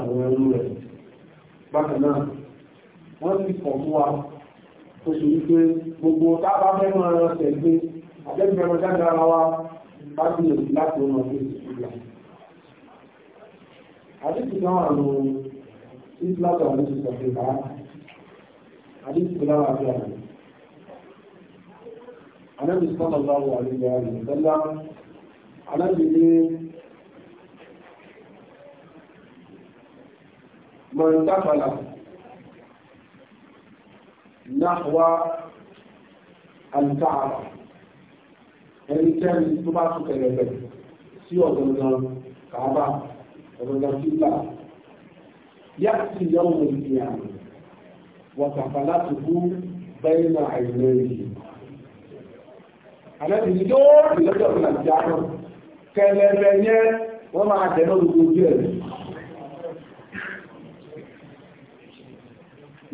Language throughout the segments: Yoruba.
àwọn ẹrú rẹ̀ bákan náà wọ́n ti kọ̀ fún wa tó ṣe wípé gbogbo tábà mẹ́rin ọ̀rọ̀ tẹ̀gbé àjẹ́gbẹ̀rẹ̀ ọjọ́ dára wa bá gbìyànjú láti ọmọ tó ti ṣùgbà àdíkù náà àrùn ìsìláàtà ló ti sọ̀fẹ́ bá àdíkù náà àti àrùn anábì sọ́nà bá wà nígbà rẹ̀ tẹ́lá ní من دخل نحو الكعبة ẹni tẹ́ni tó bá tún tẹ̀lé bẹ̀ sí ọ̀gbọ̀ngàn kàábà ọ̀gbọ̀ngàn fílà yá sí ìyàwó ìdí àmì wọ̀tàfà láti kú bẹ́ẹ̀ náà àìlẹ́ yìí. àlẹ́ ìdí yóò rí lọ́jọ́ ìlànà kẹlẹ́rẹ́ yẹn wọ́n máa tẹ̀lé olùdókòwò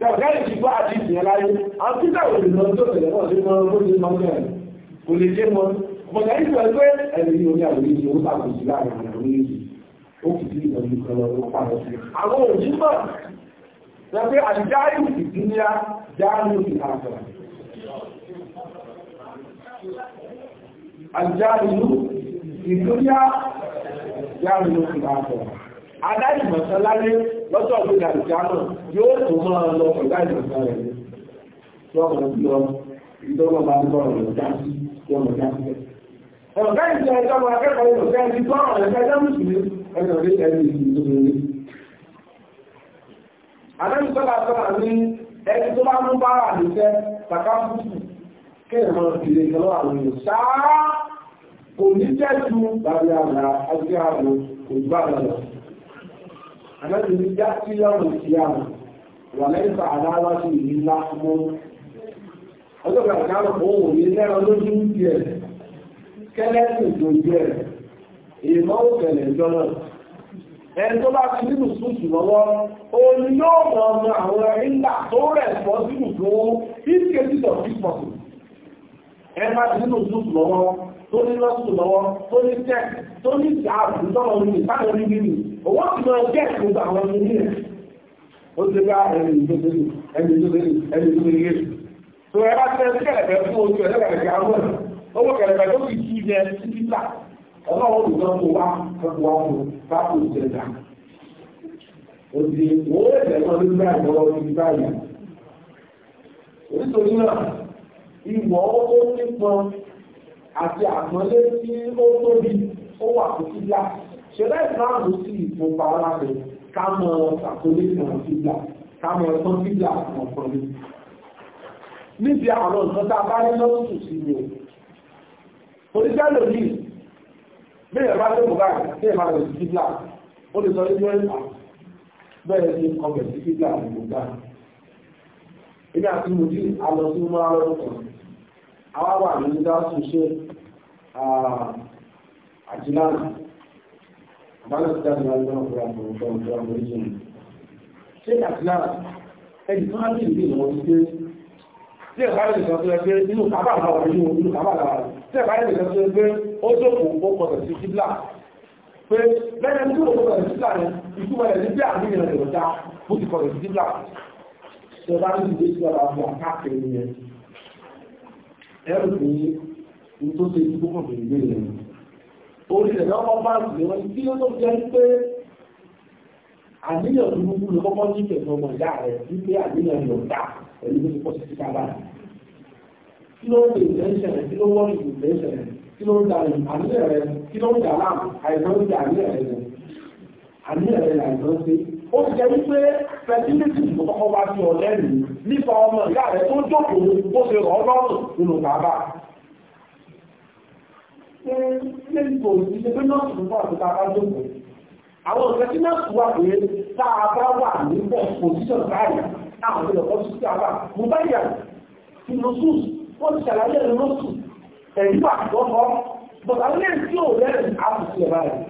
Gẹ́gẹ́ ti bá àti ìsìn a ń títà òun tó tẹ̀lẹ̀ náà sí mọ́ lórí mọ́ mẹ́rin. Kò lè jẹ́ mọ́. Ọmọdé ìlú ẹgbẹ́ ẹ̀rẹ̀ yìí oní àwọn ìlú ó tàbí sí láàrin àwọn orílẹ̀-èdè. Ó fi sí ìlú kan lọ ó pàdé sí. Àwọn òjì mọ̀. Gẹ́gẹ́ àjáyù ìdúnyá jáàmù ìhàkọ̀. Àjáyù ìdúnyá jáàmù ìhàkọ̀ adájùmọ̀sán láyé lọ́jọ́ ọ̀gbìn àdìjámọ̀ yóò tó mọ́ ọ lọ pẹ̀lú àìmọ̀sán rẹ̀ lọ́mọ lọ ìdọ́gbọ̀n bá ń bọ̀ ọ̀rọ̀ dájú lọ́mọ dájú ọ̀gá ìjọ ẹjọ́ ọmọ akẹ́kọ̀ọ́ ìrọ̀kẹ́ ẹni tó ọ̀rọ̀ ẹ̀fẹ́jọ́ mùsùlùmí ẹ̀rọ rí ẹni ìdúnmí adájúsọ́lá sọ́lá ní ẹni tó bá mú bára àdìsẹ́ takáfùsù kéèmọ̀ ìrìn ìjọlọ́ àwọn èèyàn sáà kò ní jẹ́ ju bàbá àgbà àti àrùn òjúbà lọ́lọ́ àmẹ́bí ní já sí lọ́rùn sí àmì wà lẹ́yìnfà àdáwà sí ìlú ńlá mọ́ ọjọ́ ìgbà òun ní lẹ́rọ lójú ń tiẹ̀ kẹ́lẹ́sì tó jẹ́ ìmọ̀ òkèlè jọ́nà ẹni tó bá ti nínú sùúrù lọ́wọ́ òun yóò mọ̀ ọmọ àwọn ìlà tó rẹ̀ pọ̀ sínú tó ìkéjì tó fi pọ̀ sí ẹgbà nínú zoom lọ́wọ́ tó ní lọ́sùn lọ́wọ́ tó ní tech tó ní ìdáàbò tọ́lọ̀ ní ìsáyọ̀ ní bíbí owó ti lọ jẹ́ ìpínlẹ̀ àwọn ẹni ní ẹ̀ ó ti bá ẹni ìdókòwò ẹni ìdókòwò ẹni ìdókòwò tó ẹ bá tẹ kẹlẹ̀kẹ́ fún ojú ẹ̀ lẹ́kẹ̀lẹ́kẹ́ àwọn ẹ̀ owó kẹlẹ̀kẹ́ tó fi kí jẹ títà ọlọ́run olùdókòwò wá kẹ́kọ̀ọ́ wá fún bá kò jẹ dà òdì owó ẹ̀sẹ̀ kan ló gbà ìwọ́ orí báyìí nítorí náà ìwọ̀ ó nípọn àti àmọ́lé tí ó tóbi ó wà fún kíbla ṣẹlẹ̀ ìbáàmù sí ìfúnpa aláṣẹ ká mọ àkọlé ìmọ̀ kíbla ká mọ ẹ̀tọ́ kíbla ọ̀pọ̀lẹ. níbi àwọn nǹkan tá a bá ní lọ́sùn sí ni o oníṣẹ́ lòdì bí ẹ̀ bá tó kò báyìí bí ẹ̀ bá lọ sí kíbla ó lè sọ ilé ẹ̀ka ah, bẹ́ẹ̀ ni ọbẹ̀ sí kíbla àgbègbè báyìí ilé àti mojú alọ sí mọ́ra lọ́dún kan àwa ní dáàsù ṣe àjìláàrì àbálẹ̀ sí dáàsù náà fúra mọ̀ ọ̀tọ̀ tó rájì ìlú ìwọ̀n ti pé tí tí ó jókòó sí kíblà ìtumọ̀ rẹ̀ ní bí àmì ìrìnàjò bó ti kọ̀tọ̀ sí kíblà tó bá ní ìdí sí ọ̀rọ̀ àwọn akáàkiri yẹn ẹrù ní tó ṣe ìdúgbò kan tó gbé yẹn orí rẹ̀ lọ́kọ́ bá rù lé wọn kí ló tó jẹ́ pé àníyàn burúkú ló kọ́kọ́ ní ìfẹ̀sọ̀ ọmọ ìyá rẹ̀ wípé àníyàn yọ̀ dá pẹ̀lú bí ó ti ká bá kí ló ń pè ìfẹ̀sẹ̀rẹ̀ kí ló wọ́n ní ìfẹ̀sẹ̀rẹ̀ kí ló ń da àníyàn rẹ̀ kí ló ń da láàmù àìsàn ń da àníyàn rẹ̀ àníyàn rẹ̀ àìsàn ṣe ó ti jẹ́ wípé fertility tó kọ́kọ́ wá sí ọ lẹ́nu nípa ọmọ ìyá rẹ̀ tó jókòó bó ṣe rọ̀ lọ́rùn nínú bàbá lẹ́yìnbó ìṣe pé nọ́ọ̀sì wà tó tàbá jókòó àwọn ọ̀sẹ̀ tí nọ́ọ̀sì wà pé táa bá wà níbẹ̀ pòsíṣọ̀n báyìí àwọn ọ̀sẹ̀ lọ́kọ́ sí àbá mo bá yà ìlọ́sùn wọ́n ti ṣàlàyé ìlọ́sùn ẹ̀yìn wà lọ́kọ́ bọ̀dà lẹ́yìn tí ò rẹ̀ àbùsí ẹ̀ báyìí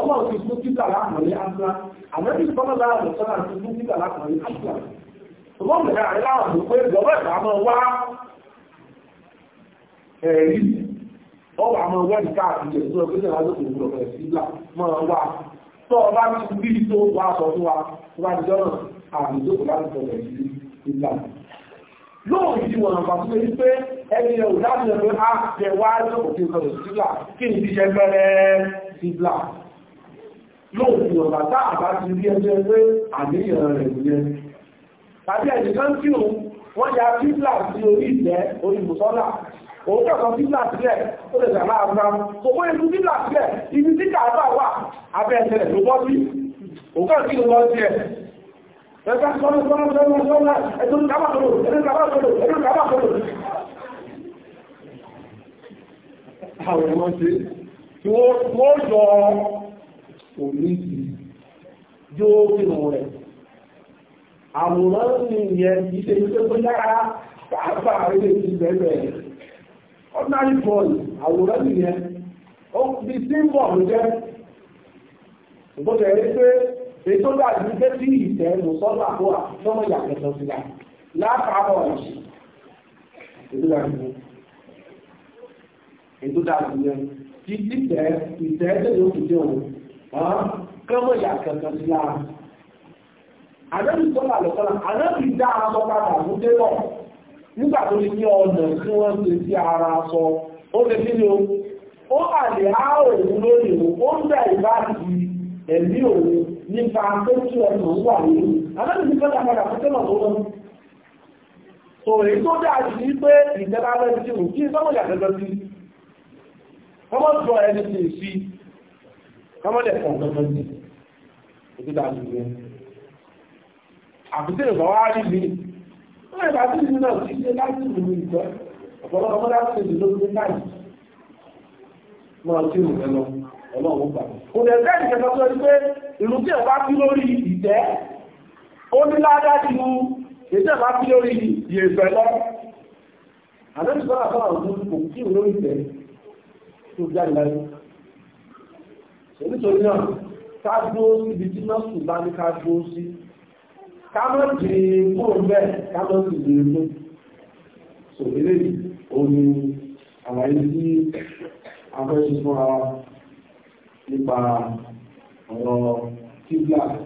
ọlọ́run ti fún títà láàmọ̀lé áṣílá àmẹ́bí sọ́nà láàrùn sọ́nà ti fún títà láàmọ̀lé áṣílá ṣùgbọ́n bẹ̀rẹ̀ àrí pé ìjọba ẹ̀dá láti sọ̀rọ̀ á ah, jẹ wá lóòrùn ti sọ̀rọ̀ kí n ti jẹ bẹ̀rẹ̀ sílà yóò fi ọ̀bà tá àbá ti rí ẹjẹ́ pé àníyàn rẹ̀ nìyẹn tàbí ẹ̀nìkan tí ò wọ́n ya fíflà sí orí ìtẹ́ orí mùsọ́là òun kẹ́kọ̀ọ́ fíflà sílẹ̀ ó lè gbà máa ra kò wọ́n ètò fíflà sílẹ̀ ibi tí kàábà wà abẹ́ ẹsẹ̀ rẹ̀ ló bọ́ sí òun kàn kí ló bọ́ sí ẹ̀ ẹ̀ka sọ́nà sọ́nà sọ́nà sọ́nà ẹ̀tọ́ kábàkòrò ẹ̀tọ́ kábàkòrò ẹ̀tọ́ kábàkòrò àwọn ọmọ ṣe tí wọ́n yọ kò ní ìdí yóò fìrùn rẹ̀ àwòrán ní ìyẹn ìṣe ìṣe tó yára pàápàá rẹ̀ ti bẹ̀rẹ̀ ordinary boy àwòrán nìyẹn ó fi símbọ̀ ló jẹ́ ṣùgbọ́n tẹ̀lé pé ètò dàbí pé tí ìtẹ́ mùsọ́lá kó àtọ́mọ̀ yàtọ̀ sílá látàbọ̀ ìṣẹ́ ètò ètò dàbí yẹn títí tẹ́ ìtẹ́ tẹ́lẹ̀ kọ́mọ̀ yà sí lára àdẹ́bì sọ́lá lọ́sọ́lá àdẹ́bì dá aṣọ padà fún délọ̀ nígbà tó ní ní ọ̀nà tí wọ́n ṣe sí ara aṣọ ó lè kí ni ó àlè á òun ó ń bẹ̀ ìbáàdì ẹ̀mí òun nípa pé kí ọ̀nà wà nínú àdẹ́bì sí sọ́lá padà fún délọ̀ tó lọ so èyí tó dáa sí ní pé ìjẹba lẹ́yìn tí òun kí sọ́mọ̀ yà sí ọmọ sọ ẹni tí ì kọ́mọ́dẹ̀ kan kankan sí ètò ìdájú rẹ̀ àbúté ìgbà wá rí mi wọ́n ìgbà tí ìlú náà ti ṣe láti ìlú mi ìgbà ọ̀pọ̀lọpọ̀ mọ́dá ti ṣe ìlú mi láì máa tí ìlú rẹ̀ lọ ọlọ́run gbà kò dẹ̀ bẹ́ẹ̀ ní kẹta sọ pé ìlú tí ẹ̀ bá kí lórí ìtẹ́ ó ní ládá ju ètò ẹ̀ bá kí lórí ìyẹ̀fẹ́ lọ àdébìsọ́nà sọ́nà ọ̀dún kò kí ìlú ìtẹ́ tó jáde láyé nítorí náà ká dúró sí ibi tí nọ́ọ̀sì bá ní ká dúró sí ká mọ̀ jẹ́ kúrò bẹ́ẹ̀ ká mọ̀ sì lè mú sọ eléyìí àlàyé tí afẹ́ṣe fún ara nípa ọ̀rọ̀ kíblà